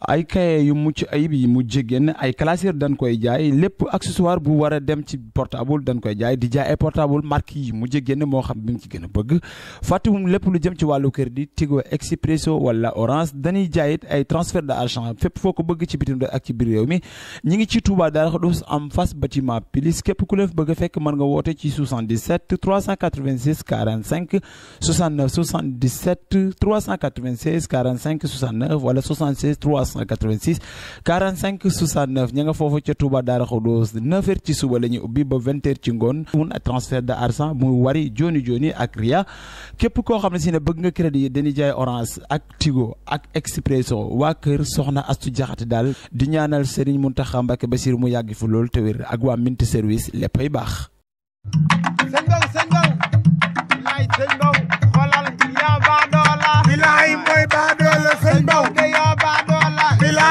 ay cahier yu mucc ayib yi mujj génn ay classeur dañ koy jaay lépp accessoire bu war dem ci portable dañ koy jaay di jaay ay portable marque yi mu mujj génn moo xam bi mu ci gën a bëgg fàttewum lépp lu jëm ci wàllu crédit Tigo Expresso wala Orange dañuy jaayit ay transfert d'argent fépp foo ko bëgg ci bitim ak ci biir mi ñi ngi ci Touba Darou Khoudoss am ku leen bëgg a fekk mën nga woote ci 77 386 45 69 77 396 45 69 wala 76 386 45 69 ña nga foofu ca Touba Daara Khoudous 9h ci suba la ubbi ba 20 ci ngoon mun transfert de argent muy wari joni joni ak ria képp koo xam ne si ne bëgg nga crédit yi dañuy jaay orange ak tigo ak expresso waa kër soxna astu jaxate daal di ñaanal Serigne Mountakha ba Bassir mu yàgg fu loolu te wér ak waa Mint service léppay baax sëñ Ndaw sëñ Ndaw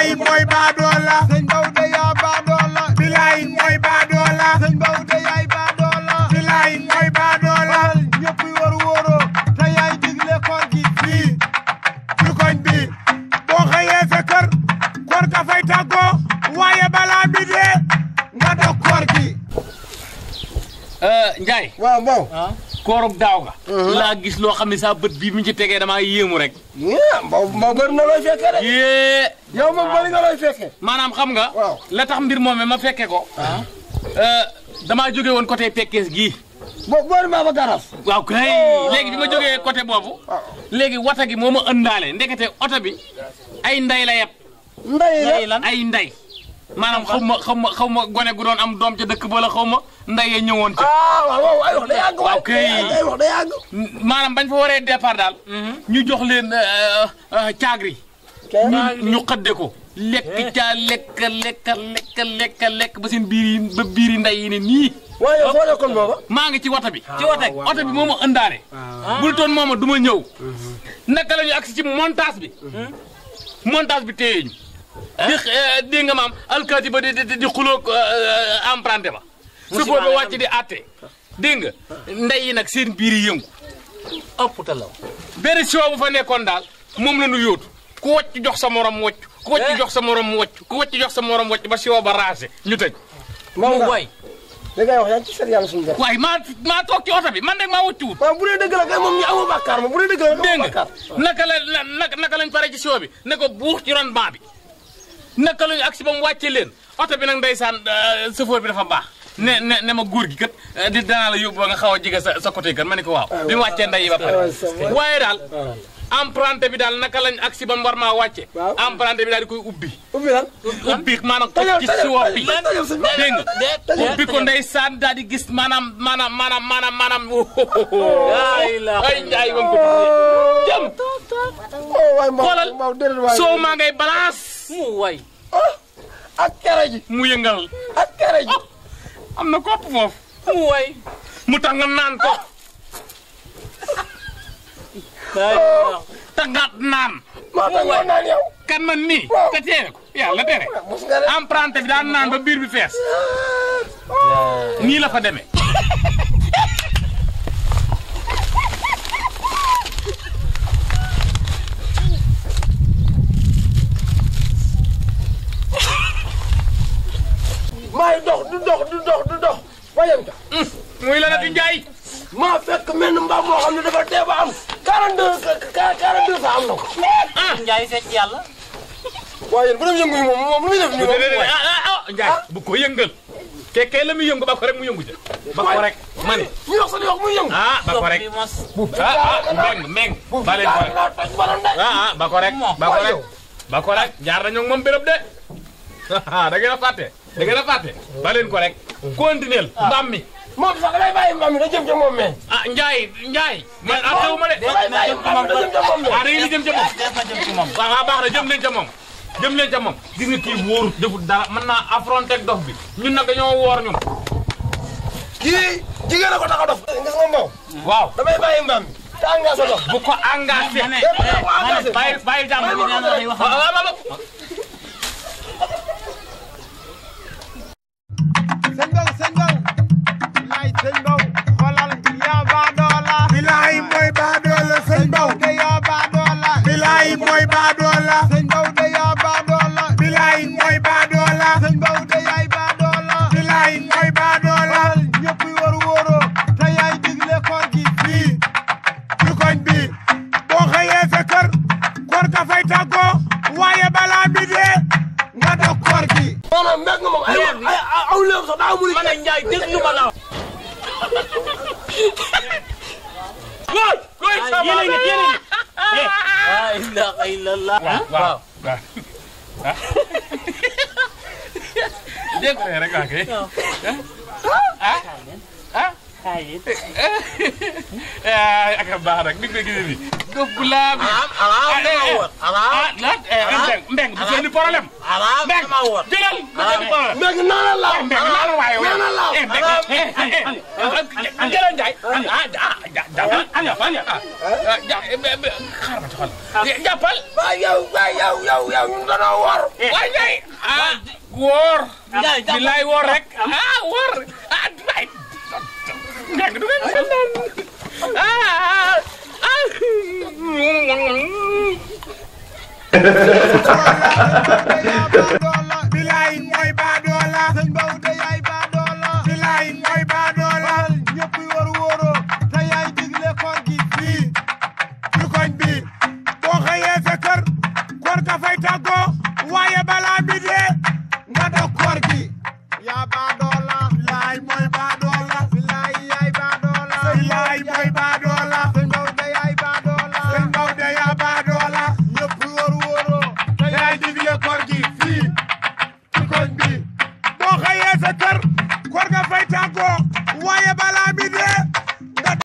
bilaay mooy baadoola sëñ Daouda yaa baadoola bilaay mooy baadoola sëñ Daouda yaay baadoola bilaay mooy baadoola ñëpp war wóoro te yaay digle koor gi fii ci koñ bi boo xëyee sa kër koor ka fay tàggoo waaye balaa bi dee nga dog koor gi euh, Ndiaye waaw waaw koorug daaw ga uh-huh. laa gis loo xam ne saa bët bii mu ci tegee damaa yéemu rek. mbaaw mbaaw bëri na looy fekkee rek. yee. yow ma bëri nga looy fekkee. maanaam xam nga. la tax mbir moom ma fekke ko. Uh-huh. Euh, damaa jóge woon côté Pekes gii. boo boori Baba Garage. waaw kay oh. léegi bi ma jógee côté boobu. léegi wata gi moo ma ëndaale ndekete oto bi ay nday la yeb. nday la ay nday. maanaam xaw ma xaw ma xaw ma gone gu doon am doom ca dëkk ba la xaw ma ndaye ñëwoon ca. ah waaw ay wax day àgg. waaw maanaam bañ fa waree départ daal. Mhm. ñu jox leen euh, euh, caagri. ñu xadde ko. lekk caa lekk lekk lekk lekk lekk ba seen biir ba biir yi ndey yi ne nii. waaye foo maa ngi ci wata bi. Ah, ci wata oto bi moo ma ëndaare. Ah. bul toon mooma du ma ñëw. Mhm. naka la ñu agsi ci montage bi. Mhm. montage bi téye ñu. di eh, dégg nga maam alkaati ba di di di xulóog eh, eh, emprunté ba. support ba wàcc di atte dégg nga ndey yi nag seen biir yi yëngu. ëpp te law. benn siwa bu fa nekkoon daal moom la nu yóotu ku wàcc jox sa morom wàcc. ku wàcc jox sa morom wàcc ku wàcc jox sa morom wàcc ba siwa ba raase ñu tëj. moom nga waay. li ngay wax yaa ngi ci seen yàlla suñu bopp. waay maa maa toog ci oto bi man nag maa wàcc wut. waaw bu dee dëgg kay moom ñu amoo bàkkaar moom bu dee dëgg la. dégg nga naka la naka lañ pare ci siwa bi ne ko buux ci ron baa bi naka aksi ñu agsi ba mu wàccee leen oto bi nag ndeysaan euh, chauffeur bi dafa baax. ne ne ne ma góor gi kat euh, di danaa la yóbbu ba nga xaw a jege sa sa côté kan ma ne ko waaw. Ah, bi mu wàccee ndey yi ba pare. waaye daal. Ah. emprunté bi daal naka lañ agsi ba mu war maa wàcce. waaw emprunté bi daal di koy ubbi. ubbi lan ubbi maanaam ko ci suuf bi. dégg nga ubbi ko ndeysaan daal di gis maanaam maanaam maanaam maanaam maanaam. Oh. ay njaay ba mu ko jëm. xoolal oh, soo maa ngay balance. mu waay. Oh, ak kere ji mu yëngal ak na kopp foofu mu way mu tàng naan ko oh. tàngaat naan maa tàngoon naan yow kan man nii te teere ko yàlla tere emprunté bi daan naan ba biir bi fees ah. nii la fa demee day dox du dox du dox du dox ba yem ca. muy la di Ndiaye. maa fekk mel ni mbaam moo a ne dafa dee ba am am na ko. ah Ndiaye fekk yàlla. waaye yéen bu bu ko yëngal. kekkee la muy ba ko mu yëngu ja. ba ko rek ma ne. ñu wax sax di wax ah, ba ko rek ah ah meng meng. ba leen ko rek ah ah ba ko ba ko rek ba jaar nañu ak moom béréb de ah, da ngeen a da ngeen a fàtte. ko rek. continuel mbaam mi. moom sax damay bàyyi jëm ca moom mais. ah Ndiaye Ndiaye. man ah teewuma de. damay bàyyi mbaam mi da jëm ca moom mais. ah da ngeen di jëm ca moom. waaw baax na jëm leen ca moom. jëm leen ca moom. gis nga kii wóorut defut dara mën naa affronter dof bi ñun na dañoo woor ñun. kii jigéen ko tax a dof. gis nga mbaw. waaw damay bàyyi mbaam mi. te bu ko engagé. bàyyi bàyyi jàmm bi nee na day wax. ma ne Ndiaye déglu ma la. waaw. waaw yéen a ngi yéen a ngi. la ilaha illallah. waaw waaw. dégg nga rek ok. ah ah. ah ak baax rek ni nga koy gisee nii. gëfulaa bi. ah eh, ah eh, Mbeng Mbeng bu fekkee ni problème. Mbeng jëlal bu fekkee ni problème. Eh, Mbeng naa la laaw Mbeng naa la waaye waaye. Mbeng jëlal Ndiaye. ah ah jàppal Anja Anja ah ja ah, ah, xaaral ma ci xol. Ah. jàppal. waaw yow waaw yow yow yow ñu doon wor. waaw Ndiaye. ah wor. Ndiaye jàppal bilaay wor rek. ah wor ah Dubaay. Mbeng du ngeen ko naan ah. bilaay mooy baadoola sëñ Mbow te yaay baadoola bilaay gi fii ci koñ boo xëyee sa kër koor ka waaye balaa bi nga dog koor gi